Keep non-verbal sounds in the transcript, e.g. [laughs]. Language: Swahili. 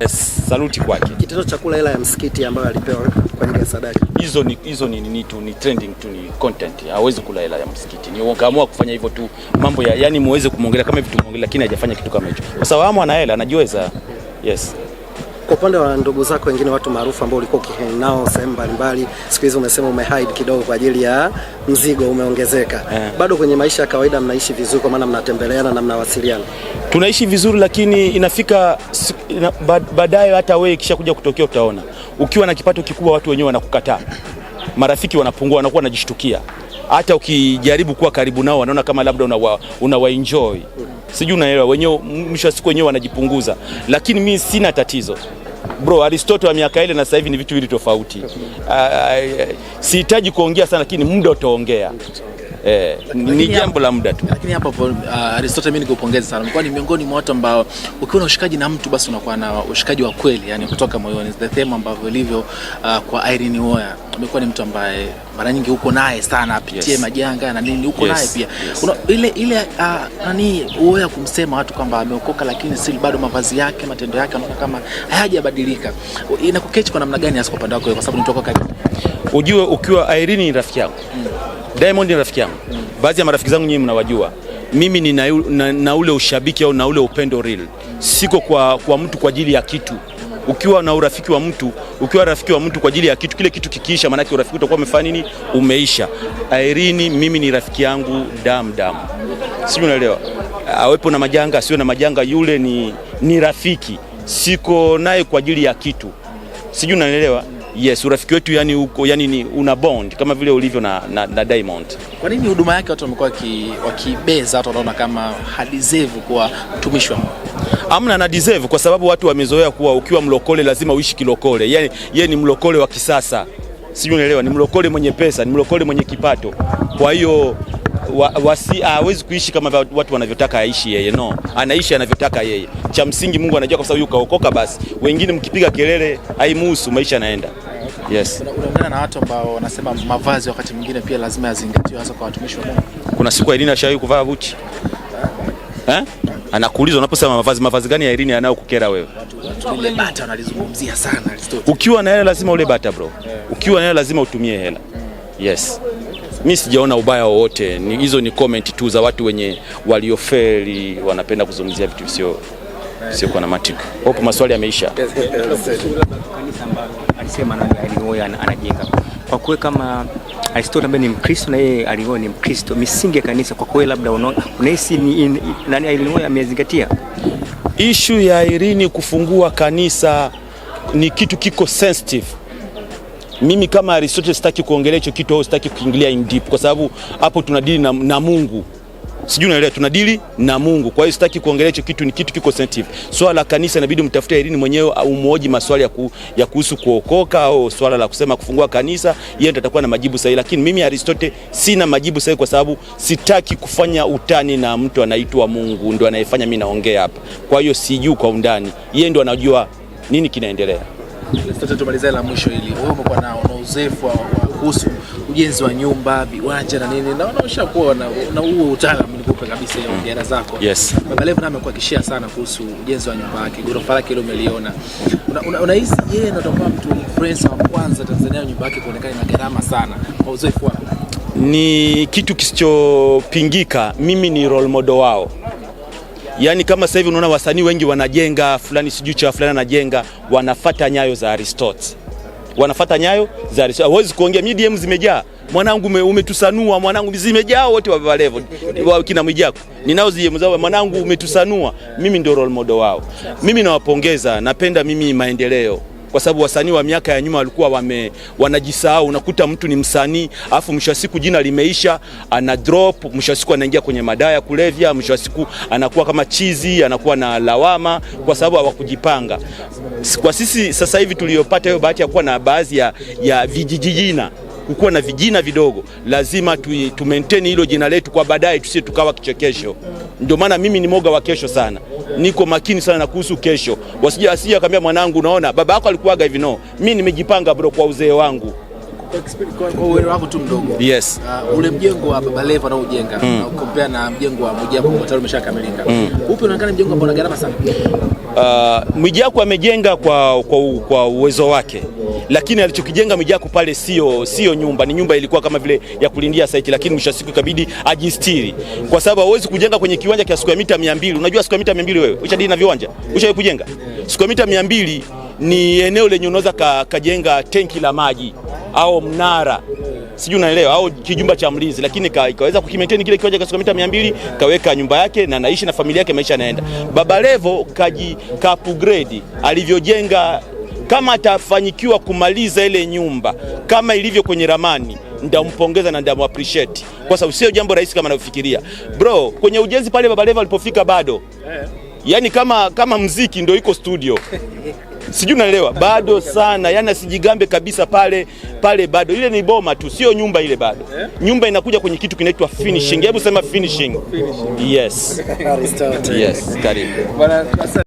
Yes, eh, saluti kwake. Kitendo cha kula hela ya msikiti ambayo alipewa kwa ajili ya sadaka. Hizo ni hizo ni ni tu ni trending tu ni content. Hawezi kula hela ya msikiti. Ni wakaamua kufanya hivyo tu mambo ya yani muweze kumwongelea kama vitu muongelea lakini hajafanya kitu kama hicho. Kwa sababu ana hela anajiweza. Yes. Kwa upande wa ndugu zako wengine, watu maarufu ambao ulikuwa ukihang nao sehemu mbalimbali, siku hizi umesema umehide kidogo kwa ajili ya mzigo umeongezeka, yeah. Bado kwenye maisha ya kawaida mnaishi vizuri, kwa maana mnatembeleana na mnawasiliana? Tunaishi vizuri, lakini inafika ina, baadaye hata wewe kuja kutokea utaona, ukiwa na kipato kikubwa watu wenyewe wanakukataa, marafiki wanapungua, wanakuwa wanajishtukia hata ukijaribu kuwa karibu nao wanaona kama labda unawa, unawa enjoy sijui, unaelewa wenyewe, mwisho wa siku wenyewe wanajipunguza, lakini mi sina tatizo bro. Aristotle wa miaka ile na sasa hivi ni vitu vili tofauti. Uh, sihitaji kuongea sana, lakini muda utaongea eh, ni jambo la muda tu. Lakini hapa uh, Aristotle, mimi nikupongeze sana, mkuwa ni miongoni mwa watu ambao ukiwa na ushikaji na mtu basi unakuwa na ushikaji wa kweli, yani kutoka moyoni, the theme ambavyo ilivyo uh, kwa Irene Uwoya. Umekuwa ni mtu ambaye mara nyingi uko naye sana, apitie yes. majanga na nini, uko yes. naye pia yes. Una, ile ile uh, nani Uwoya kumsema watu kwamba ameokoka, lakini still bado mavazi yake, matendo yake anaona kama hayajabadilika. Inakukechi kwa namna gani hasa kwa upande wako, kwa sababu nitoka karibu, ujue ukiwa Irene ni rafiki yangu mm. Diamond ni rafiki yangu, baadhi ya marafiki zangu nyinyi mnawajua. Mimi ni na, na, na ule ushabiki au na ule upendo real, siko kwa, kwa mtu kwa ajili ya kitu. Ukiwa na urafiki wa mtu, ukiwa rafiki wa mtu kwa ajili ya kitu, kile kitu kikiisha, maanake urafiki utakuwa umefanya nini? Umeisha. Irene mimi ni rafiki yangu damu damu, sijui unaelewa. Awepo na majanga asiwe na majanga, yule ni, ni rafiki, siko naye kwa ajili ya kitu, sijui unanielewa. Yes, urafiki wetu yani uko yani ni una bond kama vile ulivyo na, na, na Diamond. Kwa nini huduma yake watu wamekuwa wakibeza, watu wanaona kama hadeserve kuwa mtumishi wa Mungu? Amna na deserve kwa sababu watu wamezoea kuwa ukiwa mlokole lazima uishi kilokole. Yaani yeye ni mlokole wa kisasa. Sijui unaelewa, ni mlokole mwenye pesa, ni mlokole mwenye kipato. Kwa hiyo hawezi wa, wa, kuishi kama watu wanavyotaka aishi yeye, no, anaishi anavyotaka yeye. Cha msingi Mungu anajua, kwa sababu yuko kaokoka. Basi wengine mkipiga kelele haimuhusu, maisha yanaenda. Yes. Unaungana na watu ambao wanasema mavazi wakati mwingine pia lazima yazingatiwe, hasa kwa watumishi wa Mungu. Kuna siku Irene ashawahi kuvaa buchi eh? Anakuuliza unaposema mavazi, mavazi gani ya Irene kukera wewe? Watu Ule bata wanalizungumzia sana. Ukiwa na hela lazima ule bata bro, ukiwa na hela lazima utumie hela. Yes mi sijaona ubaya wowote. Hizo ni, comment tu za watu wenye waliofeli, wanapenda kuzungumzia vitu visio sio kwa namatic. Hope maswali yameisha. Kwa kuwa kama Aristotle ambaye ni Mkristo na yeye alioa ni Mkristo, misingi ya kanisa kwa kweli, labda unahisi ni nani alioa amezingatia ishu ya Irini kufungua kanisa? Ni kitu kiko sensitive mimi kama Aristotle sitaki kuongelea hicho kitu au sitaki kuingilia in deep, kwa sababu hapo tunadili na, na Mungu sijui unaelewa, tunadili na Mungu. Kwa hiyo sitaki kuongelea hicho kitu, ni kitu kiko sensitive. Swala la kanisa inabidi mtafute Irene mwenyewe au muoji maswali ya, ku, ya kuhusu kuokoka au swala la kusema kufungua kanisa, yeye ndiye atakuwa na majibu sahihi, lakini mimi Aristotle sina majibu sahihi, kwa sababu sitaki kufanya utani na mtu anaitwa Mungu, ndio anayefanya mimi naongea hapa. Kwa hiyo sijui kwa undani, yeye ndio anajua nini kinaendelea tumalizane la mwisho hili. Wewe umekuwa na uzoefu wa kuhusu ujenzi wa nyumba, viwanja na nini, naona ushakuwa na huo utaalamu nikupe kabisa hiyo jana zako. Yes. Baba Levo naye amekuwa sana kuhusu ujenzi wa nyumba yake, ghorofa lake ile umeliona. Unahisi yeye ndo atakuwa mtu influencer wa kwanza Tanzania nyumba yake kuonekana ina gharama sana kwa uzoefu wako? Ni kitu kisichopingika, mimi ni role model wao. Yaani kama sasa hivi unaona wasanii wengi wanajenga fulani sijui cha fulani anajenga, wanafata nyayo za Aristotle, wanafata nyayo za Aristotle. Hawezi kuongea medium zimejaa mwanangu umetusanua, mwanangu zimejaa wote wa level Levo wa kina Mwijaku ninao zimezaa, mwanangu umetusanua. Mimi ndio role model wao, mimi nawapongeza, napenda mimi maendeleo kwa sababu wasanii wa miaka ya nyuma walikuwa wame wanajisahau. Unakuta mtu ni msanii afu mwisho wa siku jina limeisha, ana drop, mwisho wa siku anaingia kwenye madawa ya kulevya, mwisho wa siku anakuwa kama chizi, anakuwa na lawama kwa sababu hawakujipanga. Kwa sisi sasa hivi tuliyopata hiyo bahati ya kuwa na baadhi ya, ya vijijijina kukuwa na vijina vidogo, lazima tu, tu maintain hilo jina letu kwa baadaye, tusie tukawa kichekesho. Ndio maana mimi ni moga wa kesho sana, niko makini sana na kuhusu kesho, wasije asije akamwambia mwanangu, unaona baba yako alikuwaga hivi. No, mimi nimejipanga bro, kwa uzee wangu kwa wako tu mdogo. Yes. Uh, ule mjengo wa anaojenga mm. na mjengo wa Mwijaku tayari umeshakamilika. Mm. Upi unaonekana mjengo ambao gharama sana? Uh, ah, Mwijaku amejenga kwa, kwa, kwa uwezo wake lakini alichokijenga mijaku pale sio sio nyumba, ni nyumba ilikuwa kama vile ya kulindia saiti, lakini mwisho siku ikabidi ajistiri, kwa sababu huwezi kujenga kwenye kiwanja cha ya mita 200. Unajua square mita 200 wewe ushadili na viwanja ushawahi kujenga ya mita 200 ni eneo lenye unaweza kajenga ka tenki la maji au mnara sijui unaelewa, au kijumba cha mlinzi, lakini ikaweza kukimaintain kile kiwanja kwa kilomita 200, kaweka nyumba yake na naishi na familia yake, maisha yanaenda. Baba Levo kaji ka upgrade alivyojenga, kama atafanyikiwa kumaliza ile nyumba kama ilivyo kwenye ramani ndampongeza na ndamu appreciate kwa sababu sio jambo rahisi kama anavyofikiria bro. Kwenye ujenzi pale Baba Levo alipofika bado, eh. yani kama, kama mziki ndio iko studio [laughs] sijui unaelewa, bado sana, yani asijigambe kabisa pale pale, bado ile ni boma tu, sio nyumba ile bado. Nyumba inakuja kwenye kitu kinaitwa finishing. Hebu sema finishing. Yes, yes, karibu.